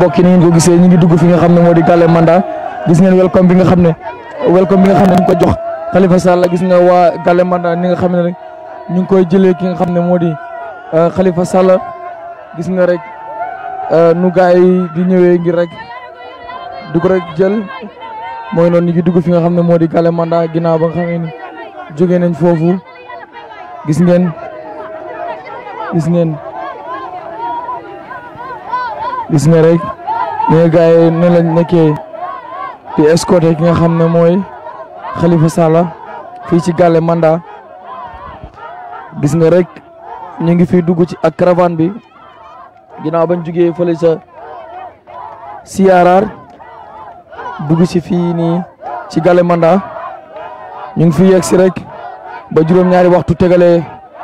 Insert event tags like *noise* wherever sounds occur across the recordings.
mbokk yi ni ngeen ko gisee ñu ngi dugg fi nga xam ne moo di Galle Manda gis ngeen welcome bi nga xam ne welcome bi nga xam ne ñu ko jox Khalifa Sall gis nga waa Galle Manda ni nga xam ne rek ñu ngi koy jëlee ki nga xam ne moo di euh, Khalifa Sall gis nga rek euh, nu gaa yi di ñëwee ngir rek du ko rek jël mooy noonu ñu ngi dugg fi nga xam ne moo di Galle Manda ginnaaw ba nga xam ne jóge nañ foofu gis ngeen gis ngeen. gis nga rek ñu ngi gars yi ne lañ ki nga xam ne mooy Khalifa Sall fii ci Galle Manda gis nga rek ñu ngi fi dugg ci ak caravane bi ginnaaw bañ jugee fële sa Siyaraar dugg ci fii nii ci Galle Manda ñu ngi fi yegg si rek ba juróom-ñaari waxtu tegalee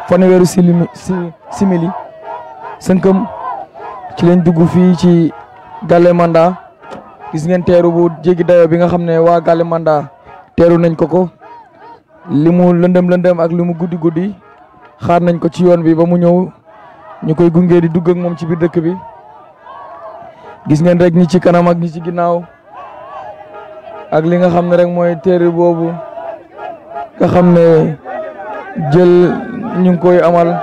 fanweeri simili simili sënkam ci len dugg fi ci manda gis ngeen téru bu djegi dayo bi nga xamné ne waa manda téru nañ ko ko limu lendem lendem ak limu mu guddi guddi xaar nañ ko ci yoon bi ba mu ñew ñukoy gungé di dugg ak mom ci biir dëkk bi gis ngeen rek ñi ci kanam ak ñi ci ginaaw ak li nga xamné ne rek moy téru bobu nga xamné jël ñu koy amal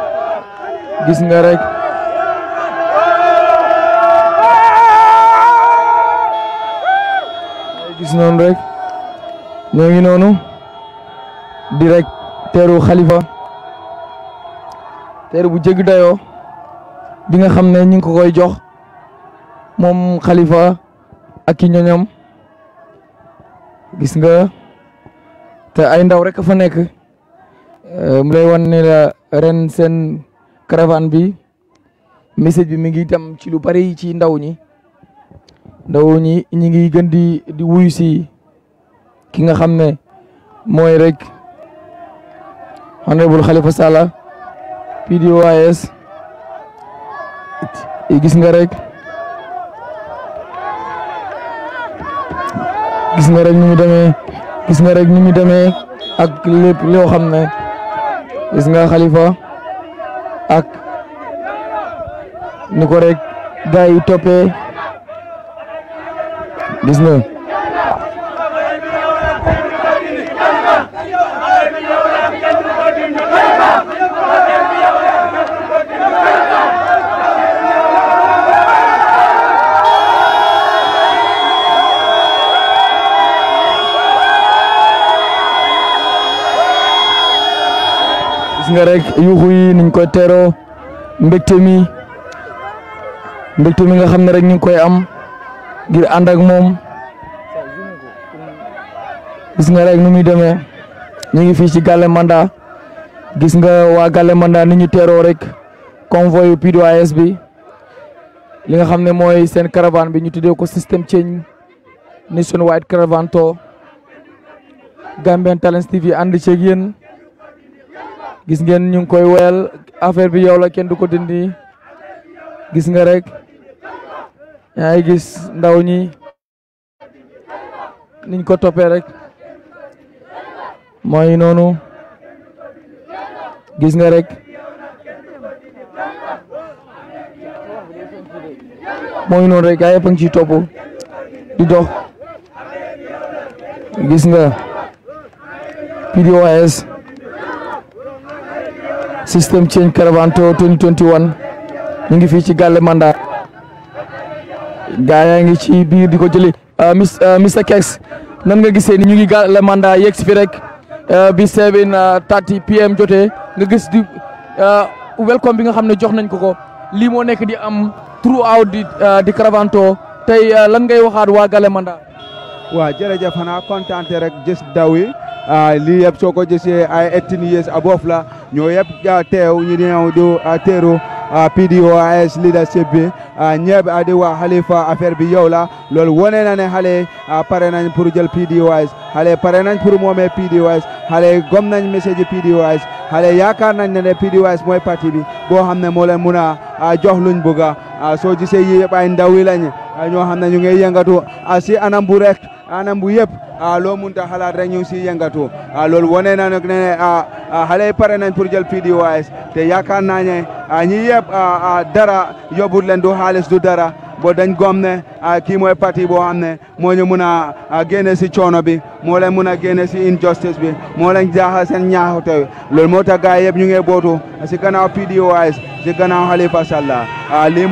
gis nga rek gis noonu rek ñoo ngi noonu di rek teeru xalifa teeru bu jégg dayoo bi nga xam ne ñu ngi ko koy jox moom xalifa ak i ñoñam gis nga te ay ndaw rek a fa nekk euh, mu lay wan ne ren seen caravane bi message bi mi ngi itam ci lu bari ci ndaw ñi ndaw ñi ñi ngi gën di di wuyu ki nga xam ne mooy rek honorable Khalifa Sala PDOIS gis nga rek gis nga rek ni mu gis nga rek ni mu demee ak lépp loo xam ne gis nga Khalifa ak ni ko rek gaa yi toppee gis nga gis nga rek yuuxu yi niñ koy teroo mbégte mi mbégte mi nga xam ne rek ñu ngi koy am ngir and ak mom gis nga rek numuy demé ñi ngi fi ci galé Manda gis nga wa galé Manda ni ñu téro rek convoy yu bi li nga xamné moy sen caravane bi ñu tuddé ko système change nationwide caravane to Gambian talent TV ci ak yeen gis ngeen ñu ngi koy wéyal affaire bi yow la kenn duko dindi gis nga rek yaa ngi gis ndaw ñi niñ ko toppee rek mooy noonu gis nga rek mooy noonu rek gaa yëpp a ngi ciy topp di dox gis nga PDOIS system change Caravanto 2021 ñu ngi fii ci Galle Manda gaa yaa ngi ci biir di ko jëli euh, mis euh, Mr Kex nan nga gisee ni ñu ngi gaal la mandat yegg si fi rek euh, bi 7:30 pm jote nga gis di welcome bi nga xam ne jox nañ ko ko lii moo nekk di am throughout di di Caravanto tey lan ngay waxaat waa Galle Manda. waa jërëjëf xanaa kontaan rek gis daw yi Ah, lii yëpp soo ko gisee ay eighteen a above la ñoo yëpp ah, teew ñu ñëw di ah, teeru PDOIS leadership bi a di wa wax Halifa affaire bi yow la loolu wone na ne xale pare nañ pour jël PDOIS xale pare nañ pour moomee PDOIS xale gom nañ message PDOIS xale yaakaar nañ ne ne PDOIS mooy parti bi boo xam ne moo leen mun a jox luñ bëgg soo gisee yii yëpp ay ndaw yi lañ ñoo xam ne ñu ngi yëngatu si anam bu rek anam bu yëpp loo munta xalaat rek ñu ngi si yëngatu loolu wane na nag ne xale pare nañ pour jël PDOIS te yaakaar naa ne ñi yëpp dara yóbbut leen du xaalis du dara bo dañ gom ne kii mooy parti boo xam ne moo ñu mun a génne si coono bi moo leen mun a génne si injustice bi moo leen jaaxal seen ñaaxute loolu moo tax gars yëpp ñu ngi bootu si gannaaw PDOIS si gannaaw Halifa Sallah lii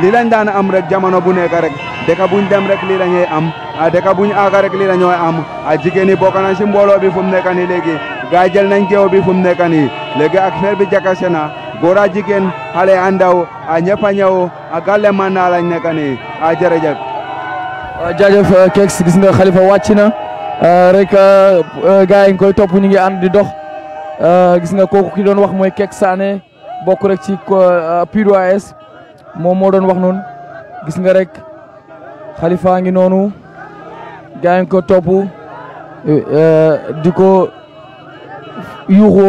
lii lañ daan am rek jamono bu nekk rek dëkk buñ dem rek lii la am ah, dëkk buñ aaga rek lii la ñooy am ah, jigéen ñi bokk nañ si bi fu mu nekk nii léegi gaa jël nañ géew bi fu mu nekk nii léegi affaire bi jakkase na góor a jigéen xale a ndaw ah, ñëpp a ñëw gàlle man naa lañ nekk nii jërëjëf. jaajëf euh, Keks gis nga Khalifa wàcc na euh, rek euh, gaa yi ngi koy topp ñu ngi di dox gis nga kooku ki doon wax mooy Keks Sané bokk rek ci PDOIS. moom moo doon wax noon gis nga rek xalifa ngi noonu gaa ngi ko topp diko ko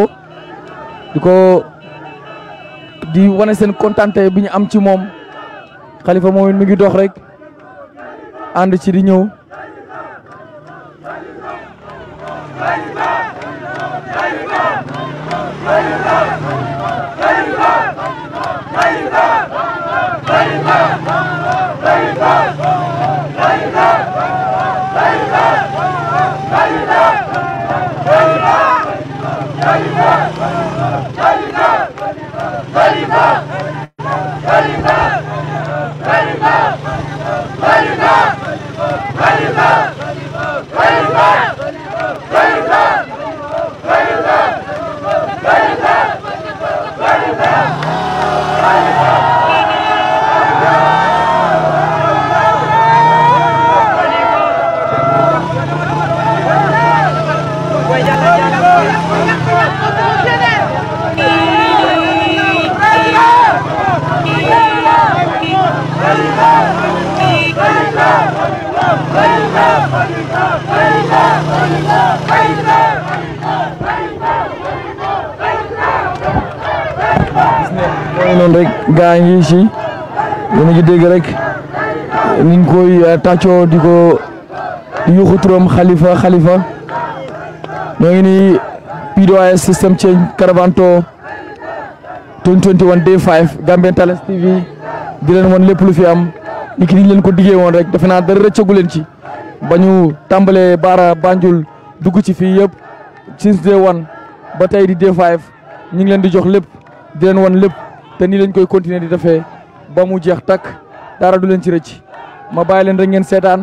di ko di wane seen kontante bi ñu am ci moom xalifa moom mi ngi dox rek ànd ci di ñëw ngi noonu rek gaa ngi ci yéen a ngi dégg rek ni ñu koy euh, tàccoo di ko di yuuxu turam xalifa xalifa ñoo ngi nii PDOIS system change Karabanto 2021 day 5 Gambian Talents TV di leen woon lépp lu fi am ni ki niñ leen ko diggee woon rek defe naa dara rëccagu leen ci ba ñu tàmbalee baara Banjul dugg ci fii yëpp since day one ba tey di day 5 ñu ngi leen di jox lépp di leen woon lépp te nii lañ koy continuer di defee ba mu jeex takk dara du leen ci rëcc ma bàyyi leen rek ngeen seetaan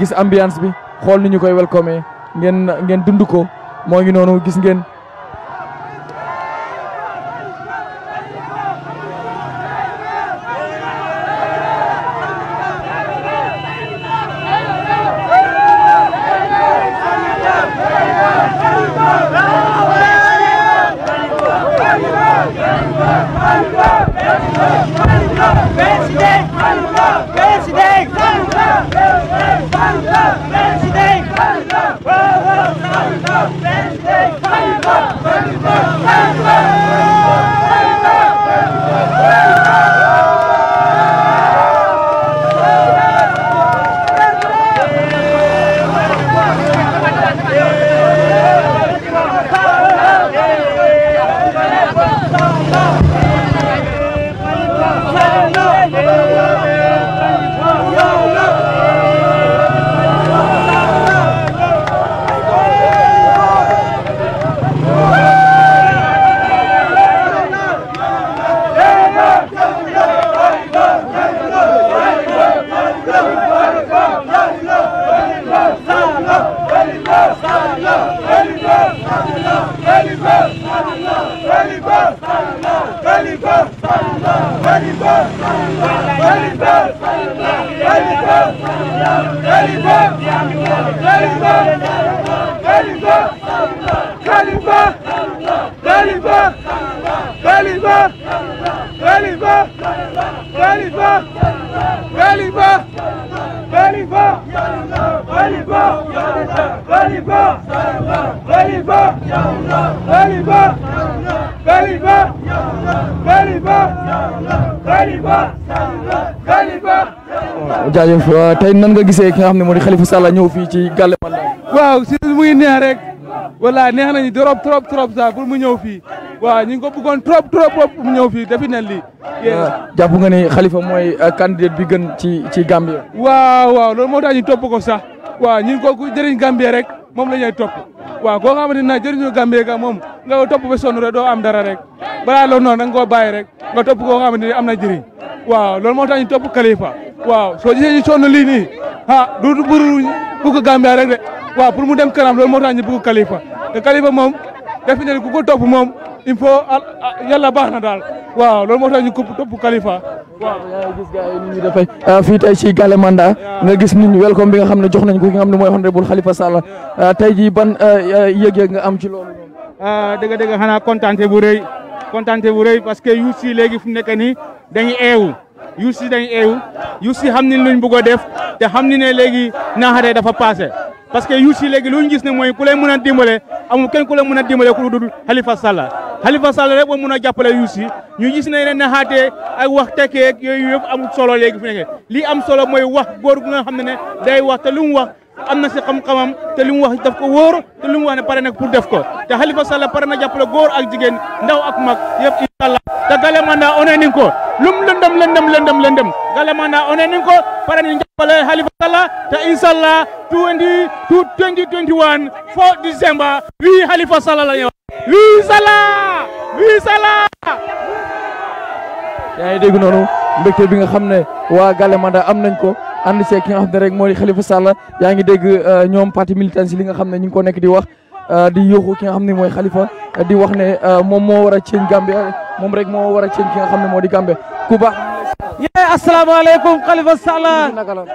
gis ambiance bi xool ni ñu koy wel welcome ngeen ngeen dund ko moo ngi noonu gis ngeen. jaajëf tey nan nga gisee ki nga xam ne moo di Khalifa Sall ñëw fii ci Galle Mandaye. waaw si mu ngi neex rek wala neex nañu trop trop trop sax pour mu ñëw fii waaw ñu ngi ko bëggoon trop trop pour mu ñëw fii defi nañ lii. Ah, jàpp nga ni xalifa mooy ah, candidat bi gën ci ci Gambie. waaw waaw loolu moo tax ñu topp ko sax waaw ñu ngi ko ku Gambie rek moom la ñuy topp waaw koo xamante na jëriñu Gambie ga moom nga topp ba sonn rek doo am dara rek. balaa loolu noonu da nga bàyyi rek nga topp koo xamante ni am na jëriñ waaw loolu moo tax ñu topp Khalifa waaw soo gisee ñu sonn lii nii du pour pour que Gambia rek waaw pour mu dem kanam loolu moo tax ñu bëgg Khalifa te moom defe naa ne ku ko topp moom il faut ah, ah, yàlla baax na daal waaw loolu moo tax ñu topp Khalifa waaw yaa gis gars yi ni ñu dafay ah, fii tey ci Gale Manda nga gis nit ñi ko bi nga xam ne jox nañ ko ki nga xam ne mooy honorable Halifa Sallah tey jii ban yëg-yëg nga am ci loolu. dëgg-dëgg xanaa kontaan bu rëy. kontante wu rëy parce que youths yi léegi fu mu nekk nii dañuy eewu youths yi dañuy eewu youths yi xam ni luñ bëgg a def te xam ni ne léegi naaxatee dafa passé parce que youths yi léegi luñ gis ne mooy ku lay mën a dimbale amul kenn ku lay mën a dimbale ku dul Halifa Sallah Halifa Sallah rek moo mën a jàppale youths yi ñu gis ne ne naxaatee ak wax tekkee yooyu yëpp amul solo léegi fu nekkee lii am solo mooy wax góor gu nga xam ne ne day wax te lu mu wax am na si xam-xamam te li mu wax daf ko wóor te li mu wax ne pare nag pour def ko te Halifa Sallah pare na jàppale góor ak jigéen ndaw ak mag yëpp incha allah te gale mandat one nin ko lum lëndëm lëndëm lëndëm lëndëm gale mandat one nin ko pare ni jàppale Halifa Sallah te incha allah 20 2021 4 December wii Halifa Sallah la ñëw wii Sallah wii Sallah yaa ngi dégg noonu mbégte bi nga xam ne waa Galemanda am nañ ko ànd see ki nga xam ne rek moo di xalifa Sall yaa ngi dégg euh, ñoom parti militant si li nga xam ne ñu ngi ko nekk di wax euh, di yóoxu ki nga xam ne mooy Khalifa di wax ne euh, moom moo war a ceeñ Gambie moom rek moo war a ceeñ ki nga xam ne moo di Gambie ku baax. yee asalaamaaleykum Khalifa Sall.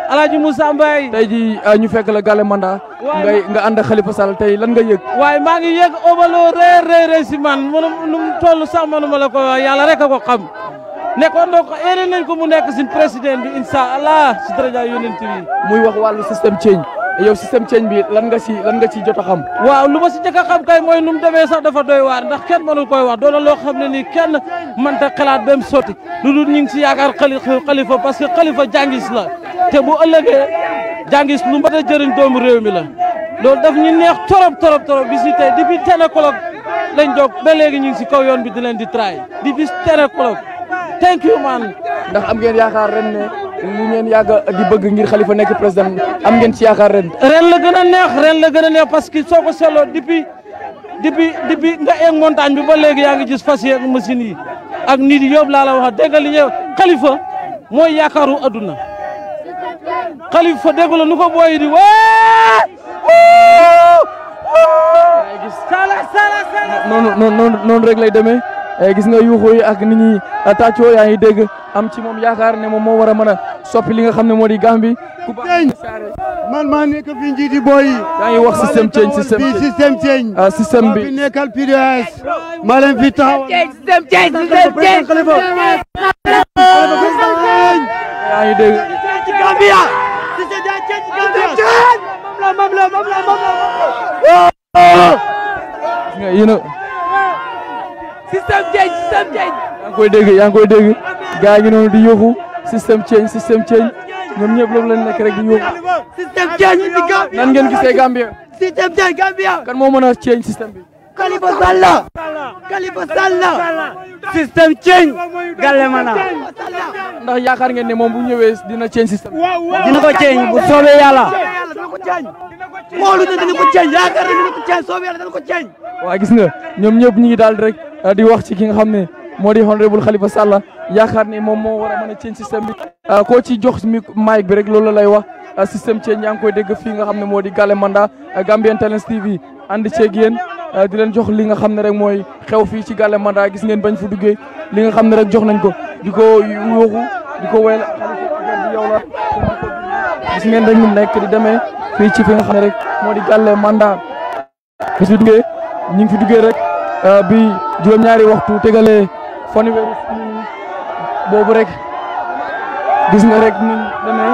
Alaaji Moussa Mbaye. tey ji ñu fekk la Galemanda. waay nga ànd xalifa Khalifa tey lan nga yëg. waaye maa ngi yëg obaloo rëy rëy rëy si toll sax mënuma la ko nekkoon donc yéene nañ ko mu nekk président bi incha allah si daraja yonent bi muy wax wàllu système change e yow système change bi lan nga si lan nga si jot xam waaw lu ma si jëkk xam kay mooy nu mu demee sax dafa doy waar ndax kenn mënu koy wax doona loo xam ne nii kenn mënta xalaat ba mu sotti lu dul ñu ngi si parce que xalifa jàngis la te bu ëllëgee jàngis lu mbat jëriñ doomu réew mi la loolu daf ñu neex torop torop torop bi si tey depuis ten lañ jóg ba léegi kaw yoon bi di leen di traay depuis ten thank you man ndax am ngeen yaakar ren ne li ngeen yaga di bëgg ngir khalifa nek president am ngeen ci yaakar ren. ren la gëna neex ren la gëna neex parce que soko selo depuis depuis depuis nga eeg montagne bi ba légui yaa gis fas ak machine yi ak nit yi yob la la wax li ñew khalifa moy yaakaru aduna khalifa dégg nu ko boy di waa Non non non non non, Eh, gis nga yuuxu yi ak ni ñuy ah, tàccoo yaa ngi dégg am ci moom yaakaar ne moom moo war a mën a soppi li nga xam ne moo di Gambie. man maa nekk fi yi. yaa wax système change système bi système change. ah système bi maa fi nekkal PDS. maa leen fi taxawal système change système change. yaa ngi dégg. yéen système change système change. yaa ngi koy dégg yaa ngi koy dégg gars yi noonu di yóbbu système change système change ñoom ñëpp loolu lañ nekk rek di yóbbu. système change di Gambia nan ngeen gisee Gambia. système change Gambia. kan moo mën a change système bi. Khalifa Sall Khalifa Sall système change Galle Mana ndax yaakaar ngeen ne moom bu ñëwee dina change système dina ko change bu soobee yàlla dina ko change moolu ne dina ko change yaakaar ne dina ko change soobee yàlla dina ko change waa gis nga ñoom ñëpp ñu daal rek di wax ci ki nga xam ne moo di honorable Khalifa sàlla yaakaar nii moom moo war a mën a change système bi ah, koo ci jox mi mic bi rek loolu lay wax ah, système change yaa ngi koy dégg fii nga xam ne moo di Gale Manda ah, Gambian Talents TV ànd ceeg yéen di leen jox li nga xam ne rek mooy xew fii ci Gale gis ngeen bañ fu duggee li nga xam ne rek jox nañ ko di ko yuuxu di ko wéyal Khalifa yow gis ngeen rek ñu nekk di demee fii ci fi nga xam ne rek moo di Gale Manda bis bi duggee ñu ngi fi duggee rek bi juróom-ñaari waxtu tegalee fanweeri boobu rek gis na rek ni demee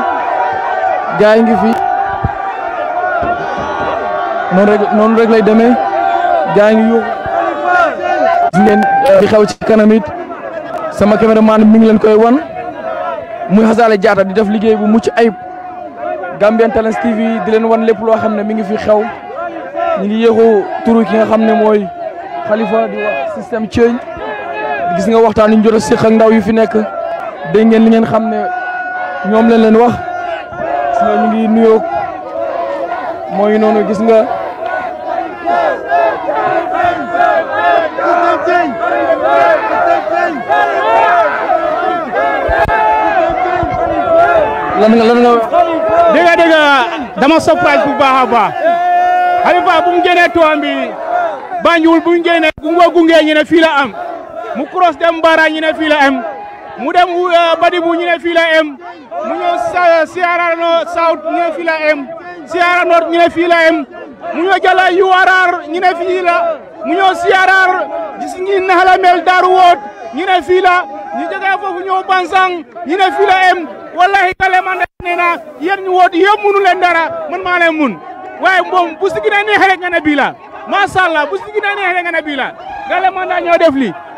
gaay ngi fi noonu rek noonu rek lay ngi yuux gis ngeen di xew ci kanam it sama caméraman mi ngi leen koy wan muy Hassale Diatta di def liggéey bu mucc ayib Gambian Talents TV di leen wan lépp loo xam ne mi ngi fi xew ñu ngi yéexu turu ki nga xam ne mooy Khalifa di système change gis nga waxtaan yu ñu jot a ndaw yu fi nekk dégg ngeen li ngeen xam ne ñoom lañ leen wax gis nga ñu ngi nuyoo mooy noonu gis nga. lan nga lan nga. dégg nga dégg dama surprise bu baax a baax bu mu génnee toom bi bu mu génnee gunge gunge ñu ne fii la am. mu cross dem Mbara ñu em mu dem euh, Badibou ñu la em mu ñëw Sierra South ñu ne fii em Sierra North ñu em mu ñëw Jalla URR ñu mu ñëw CRR gis ngi nax la Woot ñu ne fii la ñu jógee foofu ñëw em wallahi kale man de nee woot yëpp munu leen dara man maa leen mun waaye moom bu si gën a neexee rek nga ne bii la macha allah bu si a neexee rek nga ne bii ñoo def lii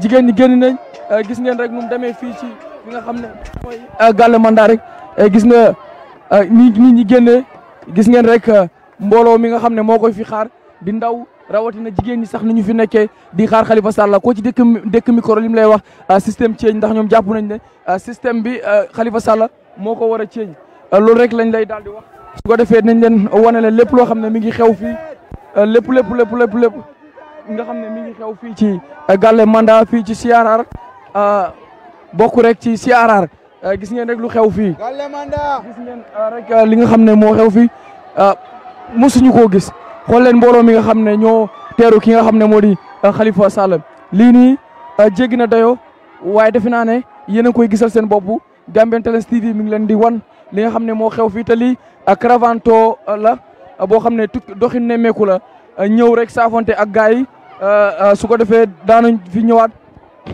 jigéen ñi génn nañ eh, gis ngeen rek moom demee fii ci li nga xam ne mooy eh, gàll mandat rek eh, gis nga ni nit ñi génnee gis ngeen rek mbooloo mi nga xam ne moo koy fi xaar di ndaw rawatina jigéen ñi sax ni ñu fi nekkee di xaar Khalifa Sall ko ci dëkk dëkk micro li mu lay wax système change ndax ñoom jàpp nañ ne système bi xalifa Sall moo ko war a change loolu rek lañ lay daal di wax su ko defee nañ leen wane leen lépp loo xam ne mi ngi xew fii lépp lépp lépp lépp lépp nga xam ne mi ngi xew fii ci eh, Galle Manda fii ci Siarar eh, bokk rek ci Siarar eh, gis ngeen rek lu xew fii Galle li nga xam ne moo xew fii mosuñu koo gis xool leen mbooloo mi nga xam ne ñoo teeru ki nga xam ne moo di xalifa Sall lii nii jéggi na dayo waaye defe naa ne yéen a koy gisal seen bopp Gambian Talents TV mi ngi leen di wan li nga xam ne moo xew fii te lii Caravanto la boo xam ne tukki doxin nemmeeku la ñëw rek saafonte ak gars yi Euh, euh, su ko defee daanañ fi ñëwaat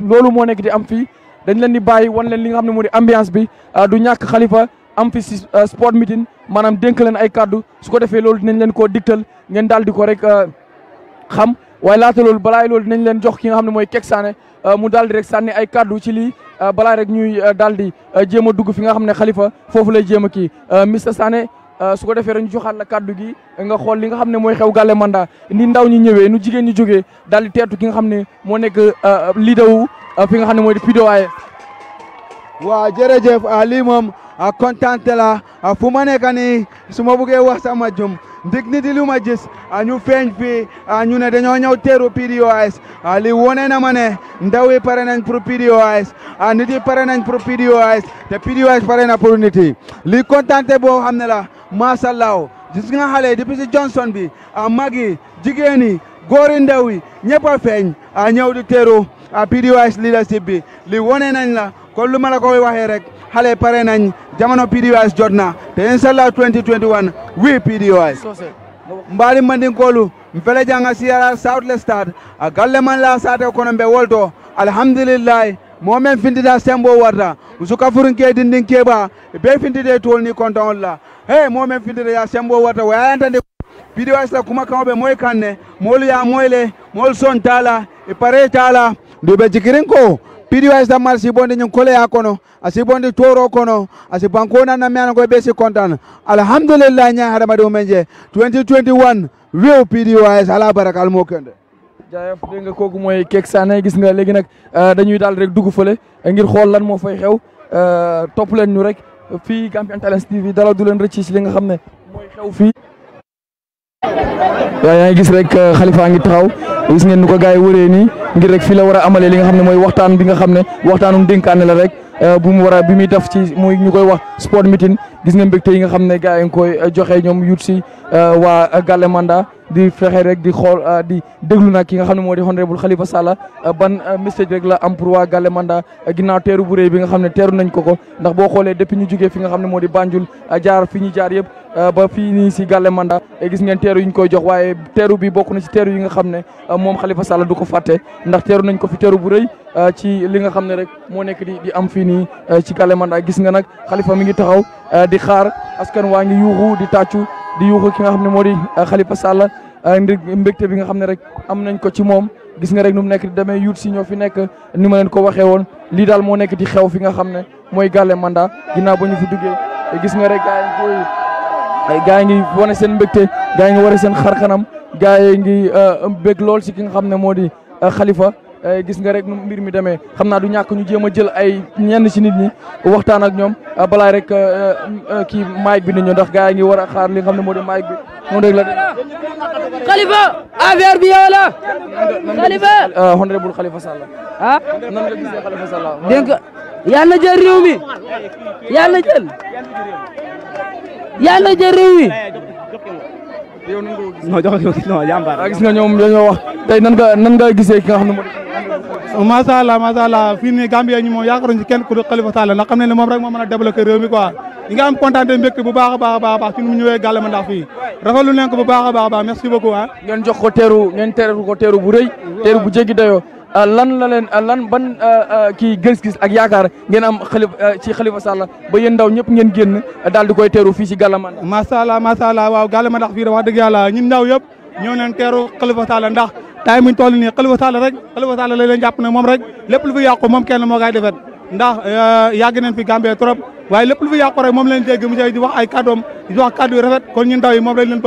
loolu moo nekk di am fii dañ leen di bàyyi wan leen li nga xam ne moo di ambiance bi euh, du ñàkk xalifa am fi si sport meeting maanaam dénk leen ay kàddu su ko defee loolu dinañ leen ko digtal ngeen daal di ko rek xam waaye laata loolu balaa loolu dinañ leen jox ki nga xam ne mooy Kek Sané mu daal di rek sànni ay kàddu ci lii balaa rek ñuy daal di jéem a dugg fi nga xam ne xalifa foofu lay jéem a kii Mister Sané Euh, su ko defee rek ñu joxaat la kàddu gi nga xool li nga xam ne mooy xew Galle Manda ni ndaw ñi ñëwee nu jigéen ñi jógee dal di teetu ki nga xam ne moo nekk euh, leader wu euh, fi nga xam ne mooy di PDOIS. E. waaw jërëjëf ah, lii moom ah, kontaan la ah, fu ma nekk nii su ma buggee wax sama jum ndig nit lu ma gis ñu feeñ a ñu ne dañoo ñëw teeru PDOIS e. li wone na ma ne ndaw yi pare nañ pour PDOIS e. nit yi pare nañ pour PDOIS te PDOIS pare na pour nit li kontaan macha allah gis nga xale yi depuis si bi a ah, mag yi jigéen yi góor yi ndaw yi ñëpp a feeñ a ah, ñëw di teeru a ah, PDOIS leadership bi li wone nañ la ko lu ma la koy waxee rek xale pare nañ jamono PDOIS jot na te incha allah 2021 wi PDOIS mbaali mandinkolu mfele janga siyara south lestat a galle man la sate kono mbe wolto alhamdulillahi mo men findita sembo warta usuka furunke dindin keba be findide tolni kontonol la hey momen fildede ya sembo wata wayantande bidi wasla kuma kamoɓe moy kanne mol ya moyle mol son tala e pare tala ndu be jikirin ko si bonde sibonde kole koleya kono a bonde toro kono a si na nanna meana koye si kontan alhamdulillah nya hada mumen je 2021 wew pdws la barakal mo kende jaayef de nga kooku mooy keek saane gis nga léegi nag eh, dañuy daal rek dugu fële ngir xol lan moo fay xew eh, top len ñu rek fii Gambian Talents TV dara du leen rëcc si li nga xam ne mooy xew fii. waaw yaa gis rek euh, Khalifa ngi taxaw gis ngeen nu ko gars yi wëree nii ngir rek fii la war a amalee li nga xam ne mooy waxtaan bi nga xam ne waxtaanum dénkaane la rek euh, bu mu war a bi muy def ci muy ñu koy wax sport meeting gis nga mbégte yi nga xam ne gars yi nga koy euh, joxe ñoom yut si euh, waa euh, Galemanda di fexe rek di xool di déglu nag ki nga xam ne moo di honorable Khalifa Sall ban message rek la am pour waa Galemanda ginnaaw teeru bu réy bi nga xam ne teeru nañ ko ko ndax boo xoolee depuis ñu jógee fi nga xam ne moo di jaar fi ñu jaar yëpp ba fii nii si Galemanda gis ngeen teeru yi ñu koy jox waaye teeru bi bokk na ci teeru yi nga xam ne moom Khalifa Sall du ko fàtte ndax teeru nañ ko fi teeru bu rëy ci li nga xam ne rek moo nekk di di am fii nii ci Galemanda gis nga nag xalifa mi ngi taxaw Euh, di xaar askan waa ngi yuuxu di tàccu di yuuxu ki nga xam ne moo di euh, Khalifa Sall euh, ndir mbégte bi nga xam ne rek am nañ ko ci moom gis nga rek nu mu nekk di demee yuut si ñoo fi nekk ni ma leen ko waxee woon lii daal moo nekk di xew fi nga xam ne mooy gàlle manda ginnaaw ba ñu fi duggee gis nga rek gaa yi ngi gaa yi ngi wane seen mbégte gaa yi ngi wane seen xarkanam gaa yi ngi bég lool si ki nga xam ne moo di Khalifa Eh, gis nga rek mbir mi demee xam naa du ñàkk ñu jéem a jël ay ñenn ci nit ñi waxtaan ak ñoom eh, balaa rek eh, kii mic bi nit ñi ndax gars yi war a xaar li nga xam ne moo di mic bi noonu rek la de. Khalifa affaire bi yow la. Khalifa honorable Khalifa Sall. ah nan nga gisee Khalifa Sall. dégg nga yàlla jël réew mi yàlla jël yàlla jël réew yow nan nga ko gisee. non jox ko gis non jàmbaar. waaw gis nga ñoom dañoo wax tey nan nga nan nga gisee ki nga xam ne oh, moom. macha allah macha allah moom yaakaaruñu ci ku dul Khalifa Sall ndax xam nañ ne moom rek moo mën a débloquer réew mi quoi ñi nga am kontaan mbégte bu baax baax baax ci nu mu ñëwee gàllama ndax fii rafetlu nañ ko bu baax a baax merci beaucoup ah. ngeen jox teeru ngeen teeru ko teeru bu rëy teeru bu jéggi Euh, lan la leen euh, lan ban euh, kii gis-gis ak yaakaar ngeen am xalif ci Khalifa Sall ba yéen ndaw ñëpp ngeen génn daal di koy teeru fii si Gallamandax. macha allah macha allah waaw Gallamandax fii wax dëgg yàlla ñun ndaw yëpp ñoo leen teeru Khalifa Sall ndax taay muñ toll nii Khalifa Sall rek Khalifa Sall la leen jàpp na moom rek lépp lu fi yàqu moom kenn moo koy defet ndax yàgg nañ fi Gambie trop waaye lépp lu fi yàqu rek moom leen dégg monsieur di wax ay kàddoom di wax kàddu yu moom lañ leen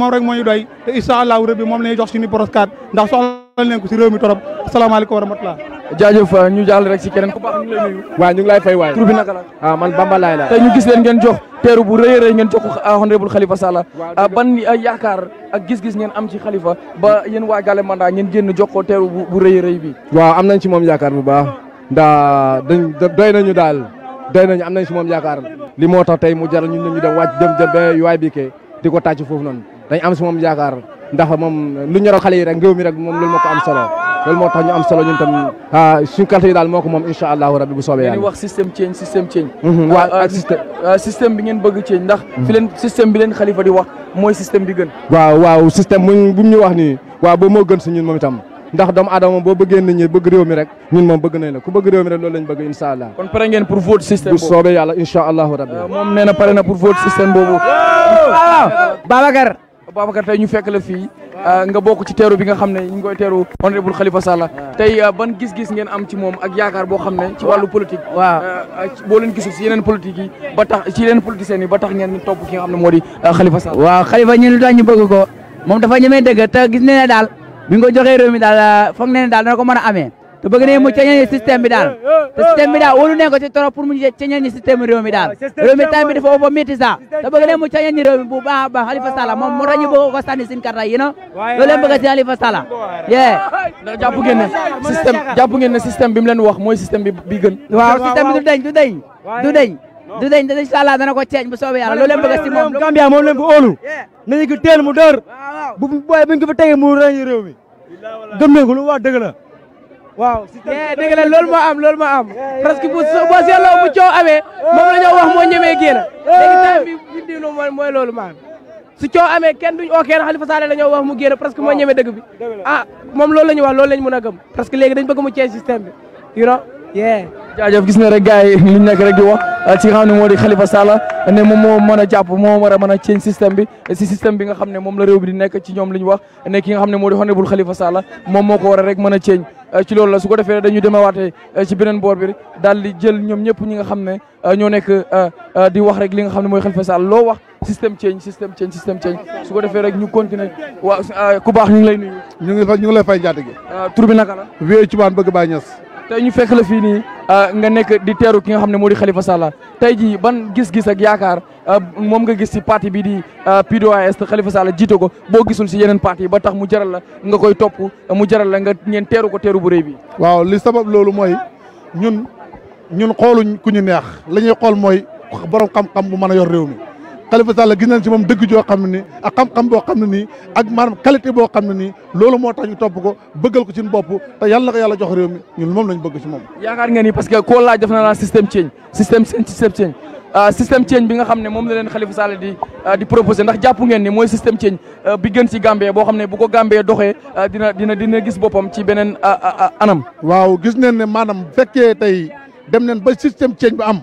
moo ñu moom la leen ko ci réew mi torop asalaamaaleykum wa rahmatulah jaajëf ñu jàll rek si keneen ku baax ñu ngi lay nuyu waaw ñu ngi lay fay waay tur bi naka la ah man Bamba laay la tey ñu gis leen ngeen jox teeru bu rëy a rëy ngeen jox ko ah, honorable Khalifa Sall ah, ban yaakaar a gis-gis ngeen am ci Khalifa ba yéen waa Gale daa ngeen génn jox ko teeru bu rëy a rëy bi waaw am nañ ci moom yaakaar bu baax ndaa dañ doy nañu daal doy nañu am nañ si moom yaakaar li moo tax tey mu jaral ñun ñu dem wàcc dem jëm ba waay bi ke di ko tàcc foofu noonu dañ am si moom yaakaar ndax moom lu ñoroo xale yi rek ngéew mi rek moom loolu moo ko am solo loolu moo tax ñu am solo ñun tam ah, suñu carte daal moo ko moom incha allahu rabbi bu soobee yàlla wax système change système change mhm, ah, ah, bi ngeen bëgg change ndax fi leen système bi leen xalifa di wax mooy système bi gën waaw waaw système muñ bu ñu wax nii waaw boobu moo gën si ñun moom itam ndax doomu aadama boo bëggee nit ñi bëgg réew mi rek ñun moom bëgg nañ la ku bëgg réew mi rek loolu lañ bëgg incha allah kon pare ngeen pour votre système bu soobee yàlla incha allahu Babacar tey ñu fekk la fii euh, nga bokk ci teeru bi nga xam ne ñu ngi koy teeru honorable Khalifa Sall tey euh, ban gis-gis ngeen am ci moom ak yaakaar boo xam ne ci wàllu politique waaw euh, boo leen gisul si yeneen politique yi ba tax ci yeneen politiciens yi ba tax ngeen topp ki nga xam ne moo di Khalifa Sall waaw Khalifa ñun lu tax ñu bëgg ko moom dafa ñemee dëgg te gis ne daal bi nga ko joxee réew mi daal foog ne daal dana ko mën a amee te bëgg nañu mu ceeñal ñu système bi daal te système bi daal wóolu ne ko ci trop pour mu ceeñal daal réew mi time bi dafa woo fa métti sax te mu ceeñal ñu réew mi bu baax a baax moom moo tax ñu bëgg ko sànni sin karta yi na loolu leen bëgg si Halifa Sallah yee ndax jàpp ngeen ne système jàpp bi mu wax mooy système bi gën waaw système du deñ du deñ du deñ du deñ da incha allah dana ko lu wax dëgg waaw dégg la loolu moo am loolu moo am parce que bu boo seetloo bu coow amee moom la ñoo wax moo ñemee génn léegi temps bi bi diinu mooy mooy loolu maa su coow amee kenn duñ oo kenn Khalifa Sall la ñoo wax mu génn parce que moo ñemee dëgg bi ah loolu la ñu loolu lañ mën a gëm parce que léegi dañ bëgg mu change système bi you know yeah jaajëf gis na rek gars yi liñ nekk rek di wax ci nga xam ne moo di Khalifa Sall ne moom moo mën a jàpp moo war a mën a change système bi si système bi nga xam ne moom la réew bi di nekk ci ñoom li ñu wax ne ki nga xam ne moo di honorable Khalifa Sall moom moo ko war a rek mën a change ci loolu la su ko defee dañu demewaate eh, ci beneen boor bi daal di jël ñoom ñëpp ñi nga xam ne eh, ñoo nekk eh, di wax rek li nga xam ne mooy Khalifa Sall loo wax système change système change système change su ko defee rek ñu continuer waaw ku baax ñu ngi lay nuyu. ñu ngi ñu ngi lay fay njaat gi. tur bi naka la. wéy ci baan bëgg baa ñas tey ñu fekk la fii nii euh, nga nekk di teeru ki nga xam ne moo di Khalifa Sall tey jii ban gis-gis ak yaakaar euh, moom nga gis si parti bi di euh, PDOIS Khalifa Sall jiite ko boo gisul si yeneen parti ba tax mu jaral la nga koy topp mu jaral la nga ngeen teeru ko teeru bu rëy bi. waaw li sabab loolu mooy ñun ñun xooluñ ku ñu neex li ñuy xool mooy borom xam mu bu mën a yor réew mi. Khalifa Sall gis nañ ci moom dëgg joo xam ne nii ak xam-xam boo xam ne nii ak maanam qualité boo xam ne nii loolu moo tax ñu topp ko bëggal ko suñu bopp te yàlla na ko yàlla jox réew mi ñun moom lañ bëgg si moom. yaakaar ngeen ni parce que koo laaj def na la système change système système change ah système bi nga xam ne moom la leen Khalifa Sall di ah di proposé ndax jàpp ngeen ni mooy système change ah bi gën si Gambie boo xam ne bu ko Gambie doxee dina dina dina gis boppam ci beneen anam. waaw gis nañ ne maanaam bu tey dem nañ ba système change bi am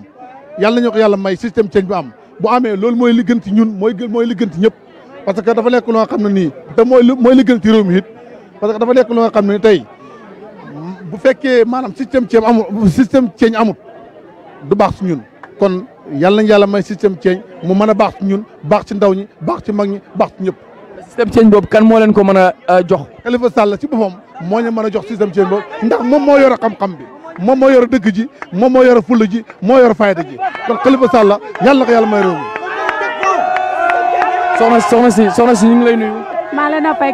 yàlla nañu ko yàlla may système change bi am bu amee loolu mooy li ci ñun mooy mooy li ci ñëpp parce que dafa nekk lu nga xam na nii te mooy mooy li ci réew mi it parce que dafa nekk lu nga xam ne tey bu fekkee maanaam système ceeb amul système ceeñ amut du baax si ñun kon yàlla nañ yàlla may système ceeñ mu mën a baax si ñun baax ci ndaw ñi baax ci mag ñi baax ci ñëpp. système ceeñ boobu kan moo leen ko mën a euh, jox. Khalifa Sall ci boppam moo ñu mën a jox système ceeñ boobu ndax moom moo yor xam-xam bi. moom moo yor dëgg ji moom moo yor fulla ji moo yor fayda ji kon Khalifa Sall yàlla na ko yàlla may réew mi. soxna si soxna si soxna si ñu ngi lay nuyu.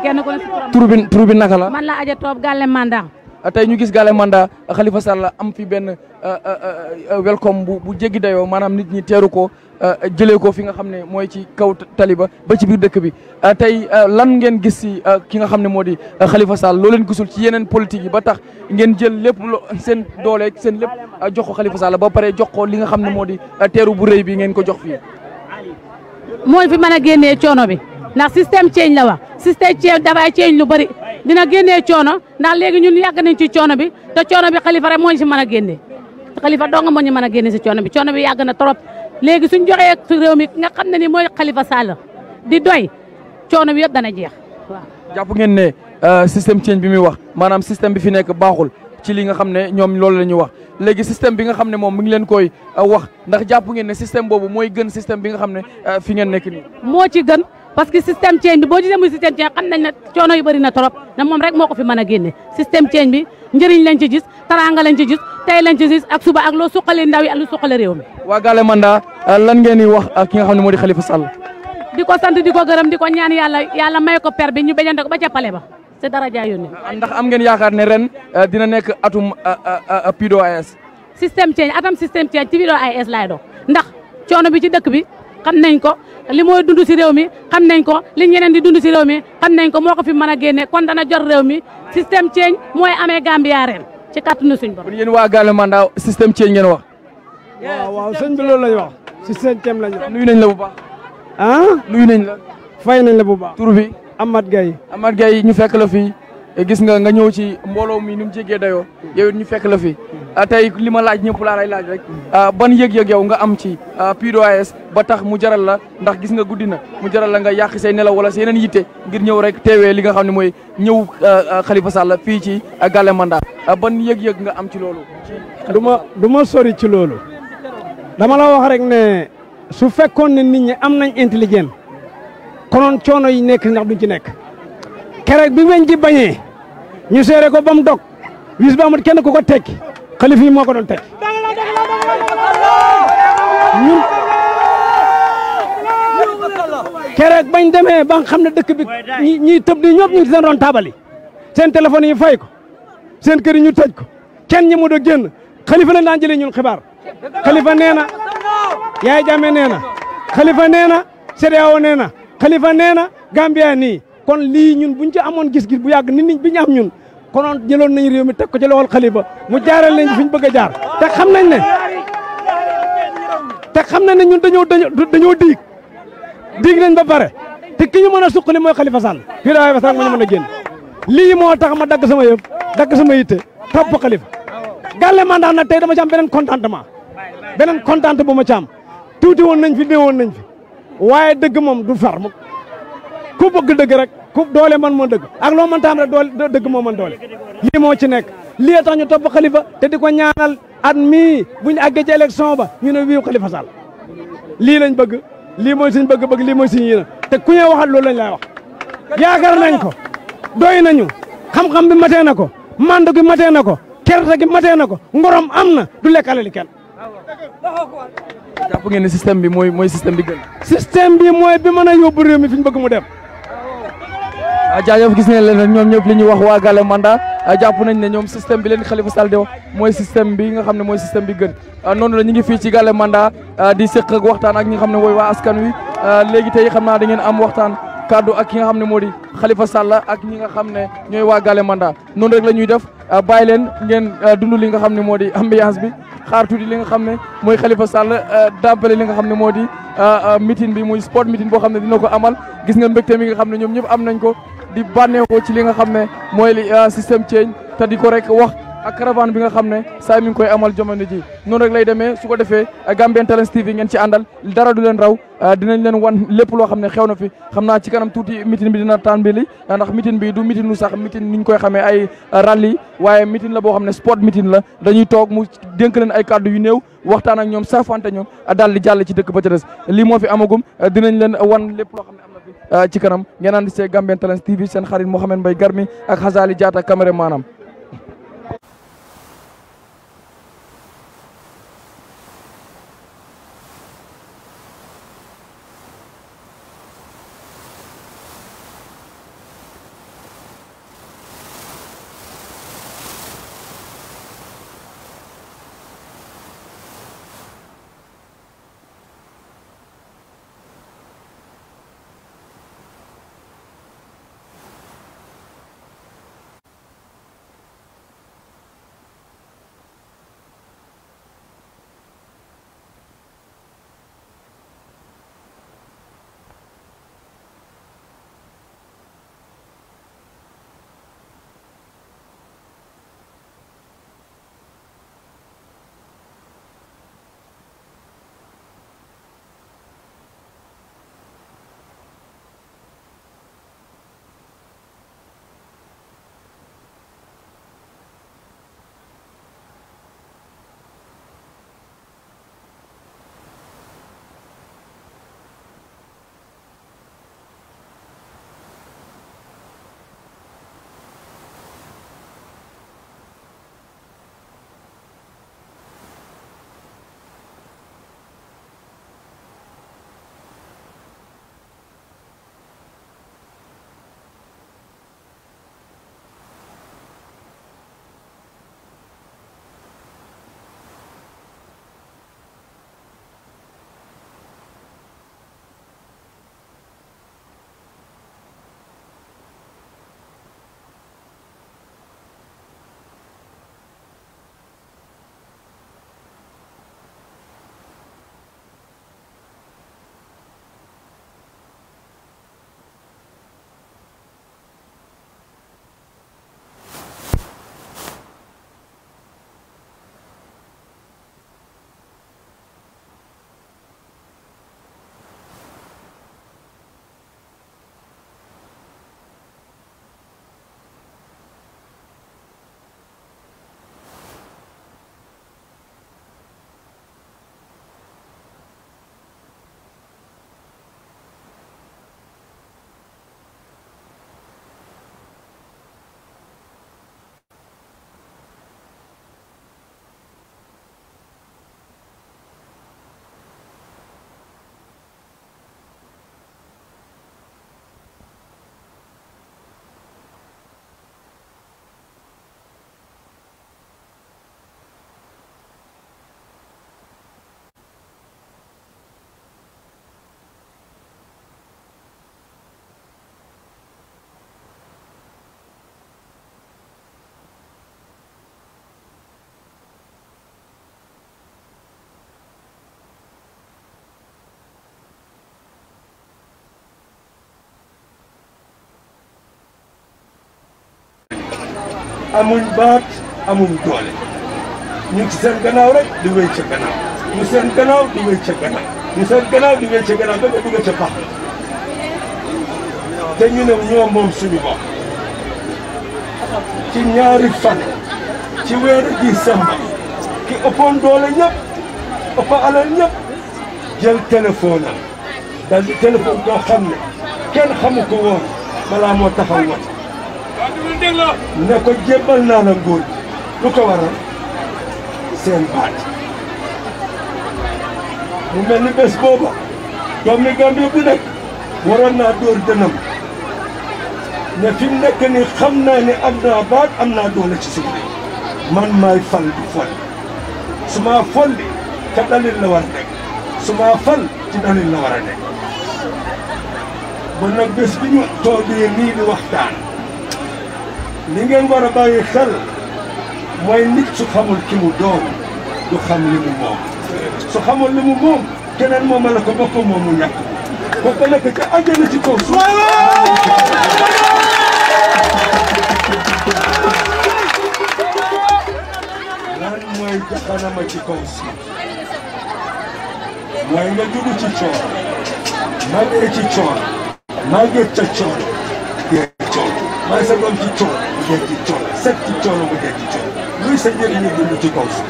kenn ku ne si turam. tur bi la. man na aja toob gàlle mandat. Ah, tey ñu gis gàlle mandat Khalifa am fi benn ah, ah, welcome bu bu jéggi dayoo maanaam nit ñi teeru ko. Euh, jëlee ko fi nga xam ne mooy ci kaw taliba ba ci biir dëkk bi euh, tey euh, lan ngeen gis si ki nga xam ne moo di xalifa Sall loo leen gisul ci yeneen politique yi ba tax ngeen jël lépp seen doole seen lépp jox ko Khalifa Sall ba pare jox ko li nga xam ne moo di teeru bu rëy bi ngeen ko jox fii. mooy fi mën a génnee coono bi ndax système change la wax système change dafay change lu bari dina génnee coono ndax léegi ñun yàgg nañ ci coono bi te coono bi Khalifa rek moo si mën a génne Khalifa dong moo ñu mën a génne si coono bi coono bi yàgg na trop. léegi suñ joxee ak mi nga xam ne ni mooy Khalifa Sall di doy coono bi dana jeex waa jàpp ngeen ne euh, système change bi muy wax maanaam système bi fi nekk baaxul ci li nga xam ne ñoom loolu la ñu wax léegi système bi nga xam ne moom mi ngi leen koy euh, wax ndax jàpp ngeen ne système boobu mooy gën système bi nga xam ne euh, fi ngeen ne nii. moo ci gën. parce que système change bi boo gisee muy système change xam nañ ne coono yu bëri na trop na moom rek moo ko fi mën a génne système change bi njëriñ lañ ci gis taraanga lañ ci gis tay lañ ci gis ak suba ak loo suqale ndaw yi ak lu suqale réew mi. waa Galle Manda lan ngeen di wax ki nga xam ne moo di Khalifa Sall. di ko sant di ko gërëm di ko ñaan yàlla yàlla may ko per bi ñu bañante ba ca pale ba te dara jaay yónni. ndax am ngeen yaakaar ne ren euh, dina nekk atum euh, euh, pido PDOIS. système change atam système change ci PDOIS laay dox ndax coono bi ci dëkk bi. xam nañ ko li mooy dund si réew mi xam nañ ko li ñeneen di dund si réew mi xam nañ ko moo ko fi mën a génne kon dana jot réew mi système change mooy amee Gambia ren ci kàttanu suñ borom. wa yéen waa daa système change ngeen wax. waaw waaw sëñ bi loolu lañ wax système change lañ wax. nuyu nañ la bu baax. ah nuyu nañ la. fay nañ la bu baax. tur bi am Amath Gaye. Amath Gaye ñu fekk la fii. Eh, gis nga nga ñëw ci mbooloo mi ni mu jégee dayoo yow ñu fekk la fi ah, tey li ma laaj ñëpp laa lay laaj rek ah, ban yëg-yëg yow nga am ci ah, PDOIS ba tax mu jaral la ndax gis nga guddi na mu jaral la nga yàq say nelaw wala say yeneen yitte ngir ñëw rek teewee li nga xam ne mooy ñëw Khalifa Sall fii ci Galle Manda ban yëg-yëg nga am ci loolu. du ma sori ci loolu dama la wax rek ne su fekkoon ne nit ñi am nañ intelligent konoon coono yi nekk ndax duñ ci nekk keroog ñu seere ko ba mu dog wis ba amul kenn ku ko tekki xalifa yi moo ko doon tekki ñun keroog bañ demee ba xam ne dëkk bi ñiy tëb di ñëpp ñu ngi seen taabali seen téléphone yi fay ko seen kër yi ñu tëj kenn ñi mu do génn xalifa lañ daan jëlee ñun xibaar xalifa nee na yaay jàmme nee na xalifa nee na CEDEAO nee na nii kon lii ñun buñ ci amoon gis-gis bu yàgg nii ñi bi ñu ñun konoon jëloon nañ réew mi teg ko ci loxol xalifa mu jaaral leen fi ñu bëgg a jaar te xam nañ ne te xam nañ ne ñun dañoo dañoo diig diig nañ ba pare te ki ñu mën a suqali mooy xalifa Sall fii la waaye Sall moo ñu mën a génn lii moo tax ma dagg sama yëf dagg sama yitte topp xalifa gàlle mandat nag tey dama ci am beneen contentement beneen content bu ma ci am tuuti woon nañ fi dee woon nañ fi waaye dëgg moom du far mu ku bëgg dëgg rek ku doole man moo dëgg ak loo mën taam rek doole dëgg moo mën doole lii moo ci nekk lii tax ñu topp xalifa te di ko ñaanal at mii bu ñu àggee ci ba ñu ne wiiw xalifa sal lii lañ bëgg lii mooy suñ bëgg-bëgg lii mooy suñ yéene te ku ñuy waxal loolu lañ lay wax yaakaar nañ ko doy nañu xam-xam bi matee na ko mànd gi matee na ko kerte gi matee na ko ngorom am na du lekk alali kenn jàpp ngeen ne sistem bi mooy mooy système bi gën système bi mooy bi mën a yóbbu réew mi fi ñu mu dem Ah, jaajëf gis nañ leen rek ñoom ñëpp li ñuy wax waa Gale Manda ah, jàpp nañ ne ñoom système bi leen Khalifa Sall di wax mooy système bi nga xam ne mooy système bi gën ah, noonu la ñu ngi fii ci Gale Manda di séq waxtaan ak ñi xam ne mooy waa askan wi léegi tey xam naa da am waxtaan kaddu ak ki nga xam ne moo di Khalifa Sall ak ñi nga xam ne ñooy waa Manda noonu rek la ñuy def bàyyi leen ngeen dundu li nga xam ne moo di ambiance bi xaar tuuti li nga xam ne mooy Khalifa Sall dàmpale li nga xam ne moo di mitin bi mooy sport meeting boo xam ne dina ko amal gis nga mbégte mi nga xam ne ñoom ñëpp am nañ ko di bànneewoo ci li nga xam ne mooy li euh, système change te di ko rek wax ak caravane bi nga xam ne saa mi ngi koy amal jomono ji noonu rek lay demee su ko defee Gambian Talents TV ngeen ci àndal dara du leen raw ah, dinañ leen wan lépp loo xam ne xew na fi xam naa ci kanam tuuti mitin bi dina tànn bi li ah, ndax mitin bi du meeting sax mitin ni ñu koy xame ay ah, rally waaye meeting la boo xam ne sport mitin la dañuy toog mu dénk leen ay kàddu yu néew waxtaan ak ñoom saafante ñoom daal di jàll ci dëkk ba ca des lii moo fi amagum dinañ leen wan lépp loo xam ne am na fi ci kanam ngeen ànd see Gambian Talents seen xarit Mouhamed Mbaye Garmi ak Xasaali Jaata caméra maanaam amuñ baat amuñ doole ñu ci seen gannaaw rek di wéy ca gannaaw seen gannaaw di wéy ca gannaaw ñu seen gannaaw di wéy ca gannaaw ba nga dugg ca pax te ñu ne ñoo moom ci ñaari fan ci weeru décembre ki ëppoon doole ñëpp ëpp alal ñëpp jël téléphone am di téléphone boo xam ne kenn xamu woon balaa moo taxaw wat dégg la. ne ko jébbal naa la góor gi seen baat mu mel ni bés booba doomi Gambie bu nekk waroon naa dóor dënam ne fi mu nekk ni xam naa ne am naa baat am naa doole ci suuf man maay fal du fol su fol bi la war a nekk fal ci la war a nekk bés bi ñu toogee nii di waxtaan li ngeen war a bàyyi xel mooy nit su xamul ki mu doon du xam li mu moom su xamul li mu moom keneen moo la ko bokk moom mu ñàkk ko ba nekk ci kaw suuf lan mooy jaxanama ci kaw suuf mooy nga dugg ci coor màggee ci coor màggee ca coor waaye sa doom ci coono bu dee ci coono set ci coono bu dee ci coono luy sa njëriñu dund ci kaw si.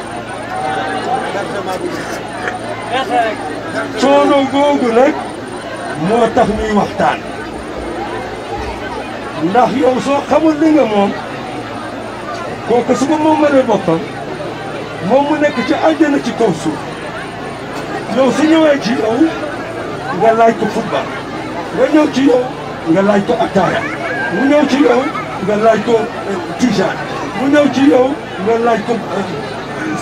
coono googu nag moo tax muy waxtaan ndax yow soo xamul li nga moom kooku su ko moom mënee boppam moom mu nekk ci àjjana ci kaw suuf yow su ci yow nga laaj ko football nga ñëw ci yow nga laaj ko attaaya. mu ñëw ci yow nga laaj ko euh, Tijaan mu ñëw ci yow nga laaj ko euh,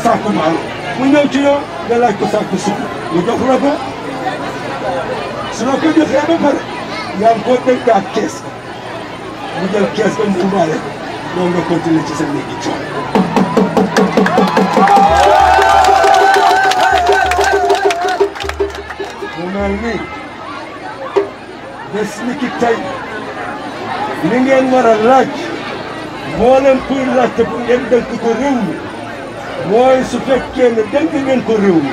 Sakku Maalo mu ñëw ci yow nga laaj ko Sakku Suuf mu jox la ko su la ko joxee ba pare yaa ko dégg ak ci sa néegi coono. li ngeen war a laaj mboolem kuy laajte bu dënk ko réew mi mooy su fekkee ne dënk ngeen ko réew mi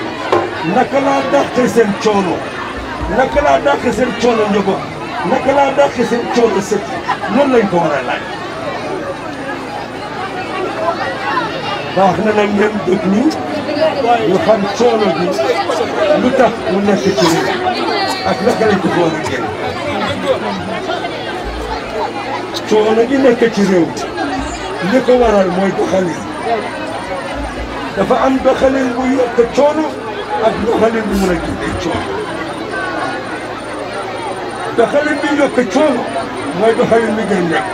naka laa dàqee seen coono naka la dàqee seen coono njaboot naka laa dàqee seen coono sët loolu lañ ko war a laaj. baax na nag ngeen déglu ñu xam coono bi lu tax mu nekk ci réew ak naka lañ ko war coono gi nekk ci réew li ko waral mooy doxalin dafa am doxalin bu yokk coono ak doxalin bu mën a génne coono doxalin bi yokk coono mooy doxalin bi gën nekk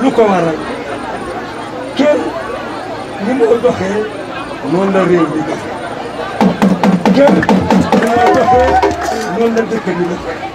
lu ko waral kenn ni moo doxee noonu la réew bi doxee kenn ni moo doxee noonu la dëkk bi doxee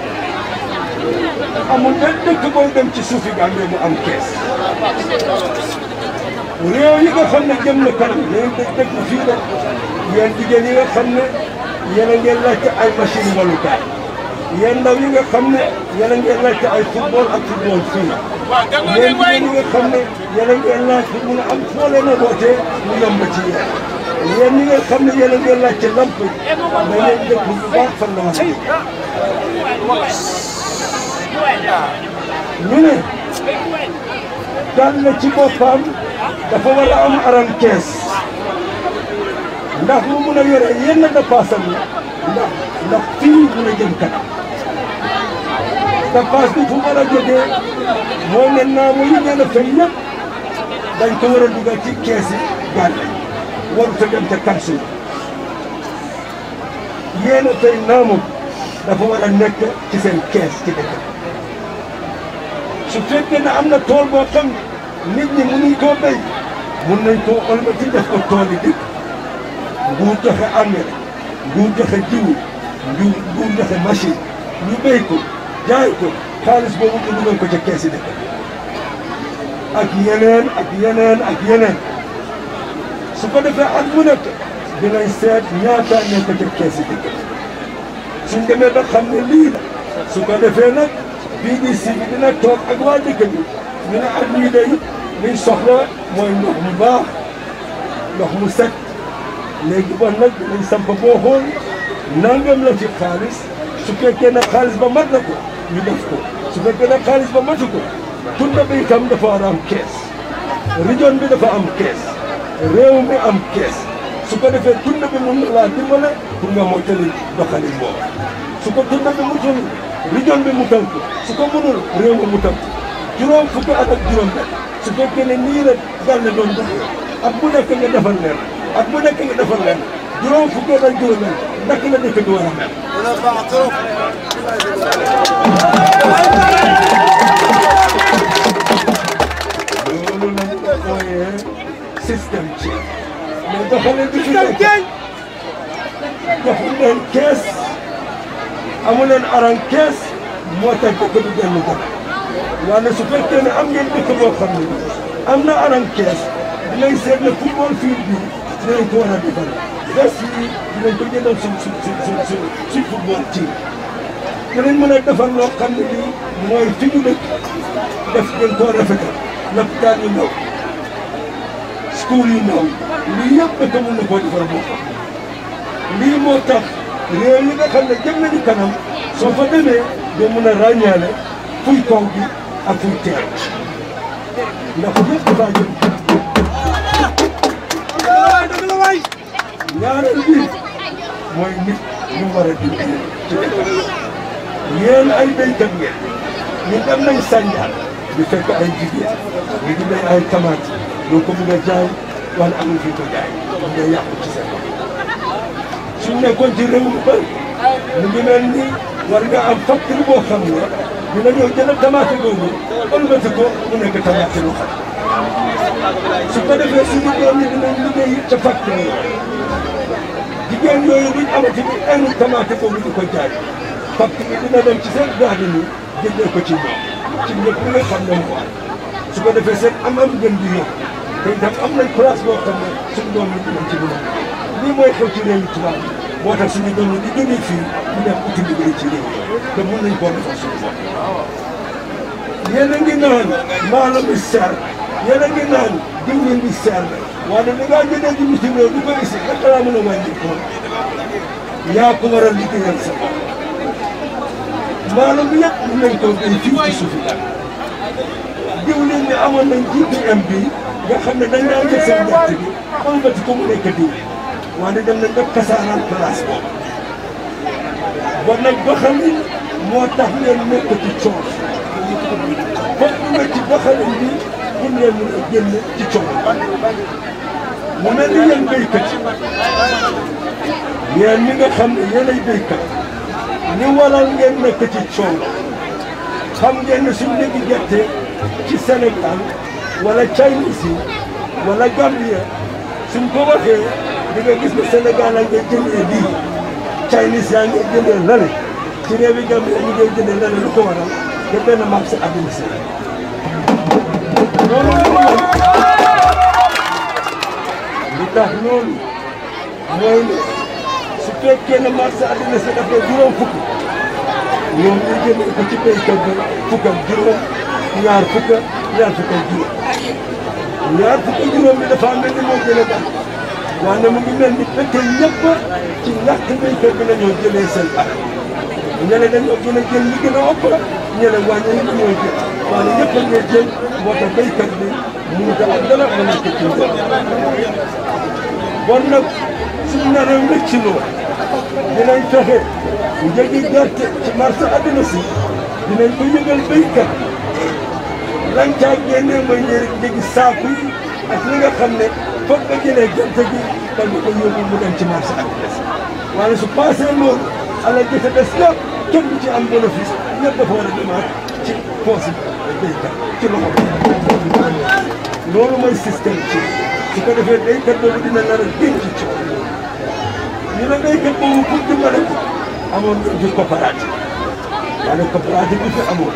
amul benn dëkk booy dem ci suufi Gambie mu am kees réew yi nga xam ne jëm na kanam yéen dëkk dëkk fii nag yéen jigéen yi nga xam ne yéen a ngeen laajte ay machine walukaay yéen ndaw yi nga xam ne yéen a ay football ak football fii na yéen yi nga xam ne yéen a ngeen laajte am foo leen a wootee mu yomb ci yéen yéen ñi nga xam ne yéen a ngeen laajte lamp yi dëkk bu baax fan la waaw ñu ne daan na ci boppam dafa war a am aram kees ndax mu mun a yore yenn dépassam yi ndax ndax fii mun a jëm kat dépasse bi fu mu war a jógee moom ne naa ne fay yëpp dañ ko war a ci kees yi gàlle waru fa dem ca yéen a fay naamu dafa war a nekk ci seen kees ci dëkk su fekkee ne am na tool boo xam nit ñi mënuñ koo béy mun nañ koo ëlbati def ko tool yi dikk nguur joxe engrais nguur joxe jiwu nguur nguur joxe machine ñu béy ko jaay ko xaalis boobu ñu dugal ko ca keesi dëkk ak yeneen ak yeneen ak yeneen su ko defee ak mu nekk dinañ seet ñaata ne ko ca keesi dëkk suñ demee ba ne lii su ko defee nag. DDC bi dina toog ak waa dëkk bi ñu ne ak ñii day liñ soxla mooy ndox mu baax ndox mu set léegi bon nag dinañ samp boo xool la ci xaalis su fekkee nag xaalis ba mat na ko ñu def ko su xaalis ba matu tunda bi itam dafa war a am kees région bi dafa am kees réew mi am kees su ko defee tunda bi mun na laa dimbale pour nga mottali doxalin boobu su ko tunda bi mutul région bi mu tënk su ko mënul réew mi mu tënk juróom fukki at ak juróom benn su fekkee ne nii la dal na doon doxee at bu nekk nga defal leen at bu nekk nga defal leen juróom fukki at ak juróom benn naka la dëkk bi war a mel. loolu la ñu ooyee système ci mais dafa leen di fi nekk dafa leen kees. amuleen aran kees moo tax dëkk bi dellu waa waaye su fekkee am ngeen dëkk boo xam ne am na aran kees dinañ seet ne football field bi dinañ ko war a defal gas yi dinañ ko jëndal suñ suñ suñ suñ suñ suñ a defar loo xam ne lii mooy fi ñu dëkk def ngeen koo rafetal lapitaan yu ndaw school yu ndaw lii yëpp dëkk mun na lii moo tax réew mi nga xam ne jëm soo fa demee doo mën a ràññaale fuy kaw bi ak fuy teew ndax yëpp dafaa jëm ñaareel bi mooy nit wara war a dimbali ci dëkk yéen ay béykat ngeen ñu dem nañ sànjaal di fekk ay jigéen ñu di bay ay tamaate doo ko mën a jaay wala amul fi ko a yàqu ci seen suñ nekkoon ci réew mi bëri mu ngi mel ni war nga xam ne dina ñëw jënd tamaate boobu ëllëgati ko mu nekk tamaate lu xam su ko defee suñu doom yi dinañ liggéey ca facture yi jigéen yooyu duñ amati di enu tamaate boobu di ko jaay facture yi dina dem ci seen gaax di ñu ko ci ñoom ci ñëpp nga xam ne ko su ko defee seen am-am gën di yokk te am nañ place boo xam ne suñu doom ci mën a mooy xew ci réew yi moo tax suñu doom di jógee fi mu dem uti lu bëri ci réew te mën nañu boole fa suñu a ngi naan maalo bi seer yéen a ngi naan diwlin bi seer la waaye da ngaa jëndee ji bitim réew di ko isi naka laa mën a wàññi ko yaa ko war a liggéeyal sa bopp maalo bi yëpp mën nañ ko bay fii ci suuf diwlin bi amoon nañ ci bi nga xam ne dañ daan jël seen gerte gi xamati ko mu nekk diw wante dem nañ ba kasaaraan place bi war ba xam ni moo tax ngeen nekk ci coono bokk na ci doxalin ngeen a génn ci coono mu mel ni yéen béykat yi yéen ñi nga xam ne yéenay béykat ni walal ngeen nekk ci coono xam ngeen ne suñ léegi gerte ci Sénégal wala Chine ici wala suñ ko waxee di nga gis ne Sénégal la ngay jëndee lii Chinese yaa ngi jëndee lale ci réewi Gambie lale lu ko waral da benn maam si àdduna si loolu lu tax loolu mooy ne si àdduna si dafay juróom fukk ñoom ñu jëndee ko ci béykat bi fukk ak juróom ñaar fukk ñaar fukk ak juróom ñaar dafa am benn moo waa ne mu ngi mel ni fekke ci ñàkk béykat bi la ñoo jëlee seen at ñene dañoo gën a jël li gën a ëpp ñene wàññi li ñoo jël waaye ñëpp a ñoo jël moo tax béykat bi mu da am dara mën a ko ci bon nag suñu naree wécc ci loo dinañ fexe njëgi gerte ci marché adduna si dinañ ko yëgal béykat saaku yi ak li nga foog nga jëlee gerte gi da nga ko yóbbu mu dem ci marché ak des wala su passé loolu alal jafe des yëpp kenn ci am bénéfice ñëpp dafa war a demaat ci poche bi béykat ci loxo bi loolu mooy ci su ko defee béykat boobu dina nar a denc ci ñu ne béykat boobu pour dimbale ko amoon nga ji coopérative wala coopérative bi fi amoon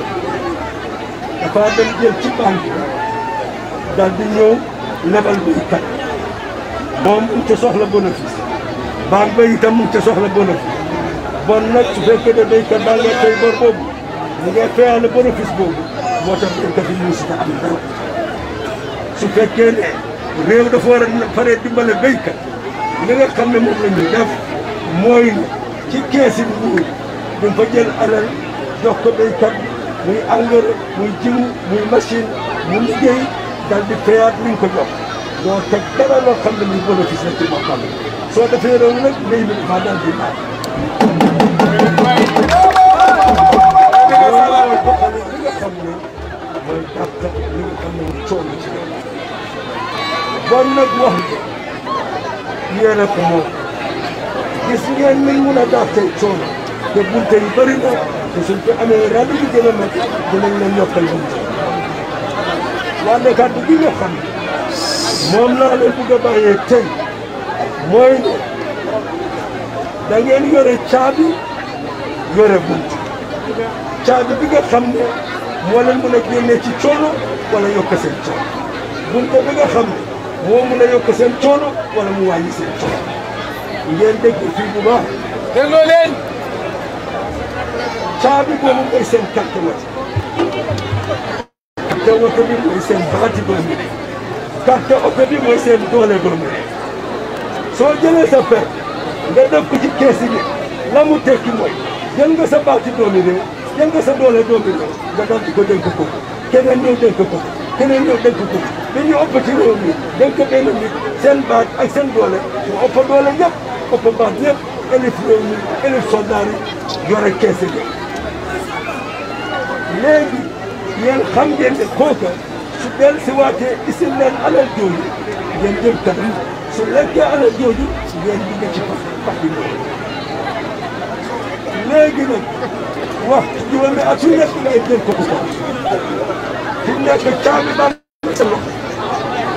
dafa dem jël ci banque daal di ñëw lebal béykat moom mu ngi ca soxla bénéfice banque ba itam ca soxla bénéfice bon nag su fekkee ne béykat daa ngay fay bor boobu mu ngay fayale bénéfice moo tax béykat yi ñu am dara su fekkee ne réew dafa war a paree dimbale béykat li nga xam ne moom la mooy ci keesi nguur dañ fa jël alal jox ko béykat muy engrais muy jiwu muy machine mu liggéey dal di fayaat li ko jox. doo teg dara loo xam ne la ci boppam soo defee loolu nag mbéy mi dafa daal di naat. loolu mooy boppam li nga xam ne mooy dàq coono ci nag wax bi yéen a ko moom gis ngeen ni mun a dàqee coono te bunte yu bëri na te suñ ko amee rajo bi gën a mag dinañ leen yokkal waa ne kàddu gi nga moom laa leen bëgg a bàyyee mooy ne da ngeen yore caabi yore bunt caabi bi nga xam ne moo leen a génne ci coono wala yokk seen coono bunt bi xam moo mën a yokk seen coono wala mu wàññi seen coono ngeen dégg fii bu baax. dégloo leen. caabi boobu mooy seen carte wati carte bi mooy seen baati boobu. carte OPEX bi mooy seen doole boobu soo jëlee sa per nga def ko ci kees yi la mu tekki mooy jël nga sa baati doomi réew jël sa doole doomi réew nga dal di ko dénk ko keneen ñëw dénk ko keneen ñëw dénk ko li ñu ëpp ci réew mi seen baat ak seen doole mu ëpp doole ñëpp ëpp baat ñëpp élif réew mi élif soldat yi yore kees yi léegi yéen xam kooka su del si waatee isil leen alal jooju ngeen jël tamit su lekkee alal jooju ngeen dugg ci pax pax bi léegi nag wax juróomi at su nekk ngeen jël ko bu ko fu nekk caabi baa ngi seen loxo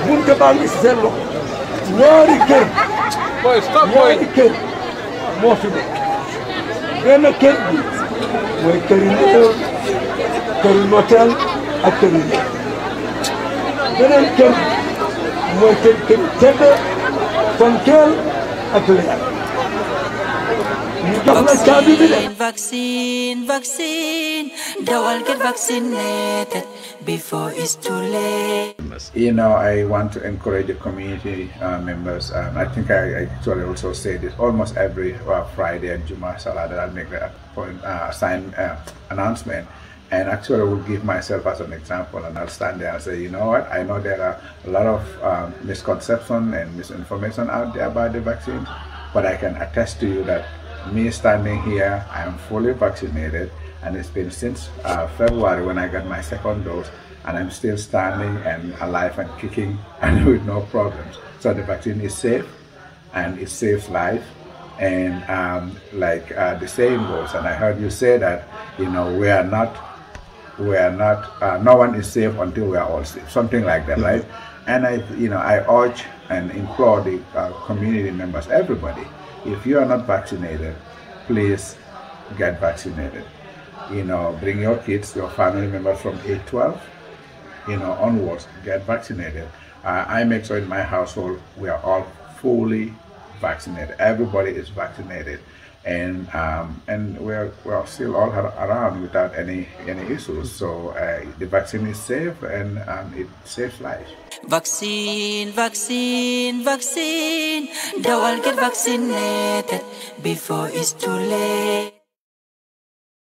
bunte baa ngi seen loxo ñaari kër ñaari kër moo fi nekk benn kër bi mooy këru këru notel ak këru kër mooy kër kër tedd ak leer ñu jox la caabi bi de vaccine vaccine dawal vaccinated before it's too late you know i want to encourage the community uh, members um, i think I, actually also say this almost every uh, friday and juma salah that i make a point uh, sign uh, announcement and actually, I will give myself as an example, and I'll stand there and say, you know what? I know there are a lot of um, misconception and misinformation out there about the vaccine, but I can attest to you that me standing here, I am fully vaccinated, and it's been since uh, February when I got my second dose, and I'm still standing and alive and kicking *laughs* and with no problems. So the vaccine is safe, and it saves life, and um, like uh, the saying goes, and I heard you say that, you know, we are not we are not, uh, no one is safe until we are all safe, something like that, right? Mm-hmm. And I, you know, I urge and implore the uh, community members, everybody, if you are not vaccinated, please get vaccinated. You know, bring your kids, your family members from 8 12, you know, onwards, get vaccinated. Uh, I make sure in my household we are all fully vaccinated. Everybody is vaccinated and um, and we're, we're still all around without any any issues. So uh, the vaccine is safe and um, it saves lives. Vaccine, vaccine, vaccine. They all get vaccinated before it's too late.